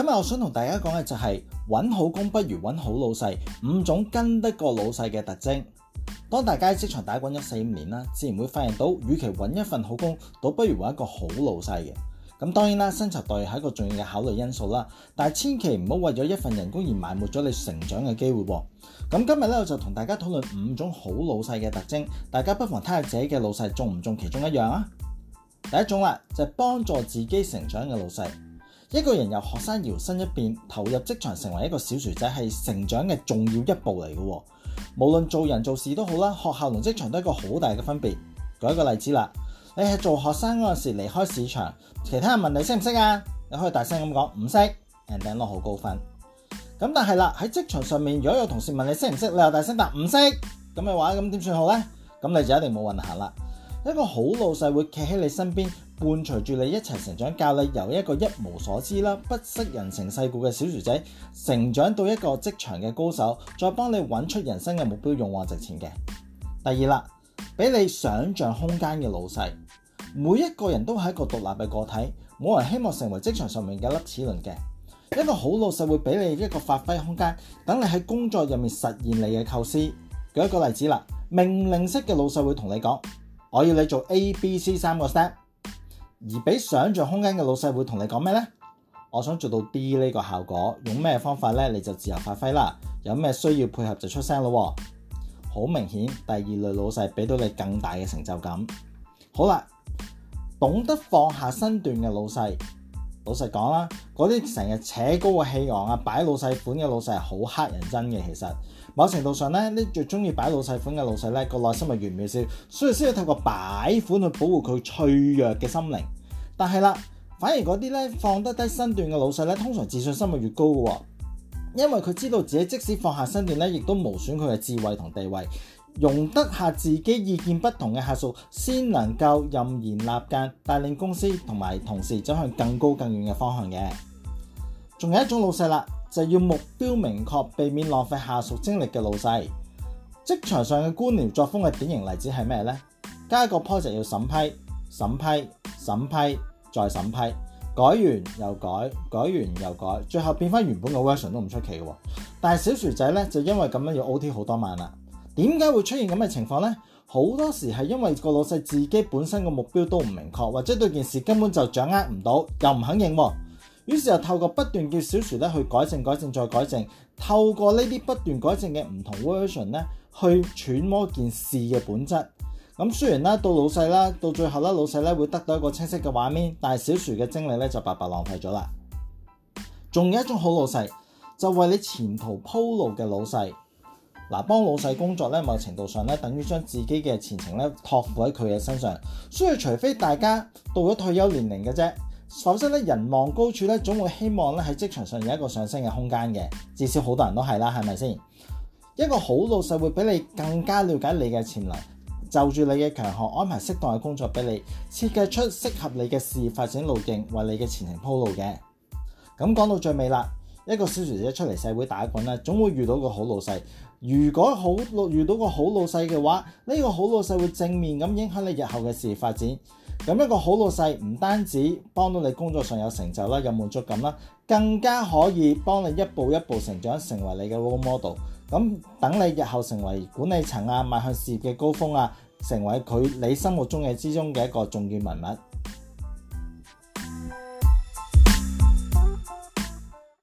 今日我想同大家講嘅就係搵好工不如搵好老細，五種跟得過老細嘅特徵。當大家職場打滾咗四五年啦，自然會發現到，與其搵一份好工，倒不如搵一個好老細嘅。咁當然啦，薪酬待遇係一個重要嘅考慮因素啦，但係千祈唔好為咗一份人工而埋沒咗你成長嘅機會。咁今日咧，我就同大家討論五種好老細嘅特徵，大家不妨睇下自己嘅老細中唔中其中一樣啊。第一種啦，就係、是、幫助自己成長嘅老細。一個人由學生搖身一變投入職場，成為一個小薯仔，係成長嘅重要一步嚟嘅。無論做人做事都好啦，學校同職場都係一個好大嘅分別。舉一個例子啦，你係做學生嗰陣時離開市場，其他人問你識唔識啊，你可以大聲咁講唔識，and then 攞好高分。咁但係啦，喺職場上面，如果有同事問你識唔識，你又大聲答唔識，咁嘅話咁點算好呢？咁你就一定冇運行啦。一個好老細會企喺你身邊，伴隨住你一齊成長，教你由一個一無所知啦，不識人情世故嘅小薯仔，成長到一個職場嘅高手，再幫你揾出人生嘅目標，勇往直前嘅。第二啦，俾你想象空間嘅老細，每一個人都係一個獨立嘅個體，冇人希望成為職場上面嘅粒齒輪嘅。一個好老細會俾你一個發揮空間，等你喺工作入面實現你嘅構思。舉一個例子啦，命令式嘅老細會同你講。我要你做 A、B、C 三個 step，而俾想象空間嘅老細會同你講咩呢？我想做到 D 呢個效果，用咩方法呢？你就自由發揮啦，有咩需要配合就出聲咯。好明顯，第二類老細俾到你更大嘅成就感。好啦，懂得放下身段嘅老細。老實講啦，嗰啲成日趾高氣揚啊，擺老細款嘅老細係好乞人憎嘅。其實某程度上咧，呢最中意擺老細款嘅老細咧，個內心咪越渺小，所以先要透過擺款去保護佢脆弱嘅心靈。但係啦，反而嗰啲咧放得低身段嘅老細咧，通常自信心咪越，越高嘅，因為佢知道自己即使放下身段咧，亦都無損佢嘅智慧同地位。容得下自己意見不同嘅下屬，先能夠任然立間帶領公司同埋同事走向更高更遠嘅方向嘅。仲有一種老細啦，就係要目標明確，避免浪費下屬精力嘅老細。職場上嘅官僚作風嘅典型例子係咩呢？加個 project 要審批、審批、審批、審批，再審批，改完又改，改完又改，最後變翻原本嘅 version 都唔出奇嘅。但係小薯仔呢，就因為咁樣要 OT 好多晚啦。點解會出現咁嘅情況呢？好多時係因為個老細自己本身個目標都唔明確，或者對件事根本就掌握唔到，又唔肯認，於是就透過不斷叫小薯咧去改正、改正再改正，透過呢啲不斷改正嘅唔同 version 咧去揣摩件事嘅本質。咁雖然啦，到老細啦，到最後咧老細咧會得到一個清晰嘅畫面，但係小薯嘅精力咧就白白浪費咗啦。仲有一種好老細，就為你前途鋪路嘅老細。嗱，幫老細工作咧，某程度上咧，等於將自己嘅前程咧託付喺佢嘅身上，所以除非大家到咗退休年齡嘅啫，否則咧人望高處咧，總會希望咧喺職場上有一個上升嘅空間嘅，至少好多人都係啦，係咪先？一個好老細會俾你更加了解你嘅潛能，就住你嘅強項安排適當嘅工作俾你，設計出適合你嘅事業發展路徑，為你嘅前程鋪路嘅。咁講到最尾啦。一個小薯仔出嚟社會打滾啦，總會遇到個好老細。如果好遇到個好老細嘅話，呢、這個好老細會正面咁影響你日後嘅事業發展。咁一個好老細唔單止幫到你工作上有成就啦，有滿足感啦，更加可以幫你一步一步成長，成為你嘅 role model。咁等你日後成為管理層啊、邁向事業嘅高峰啊，成為佢你心目中嘅之中嘅一個重要人物。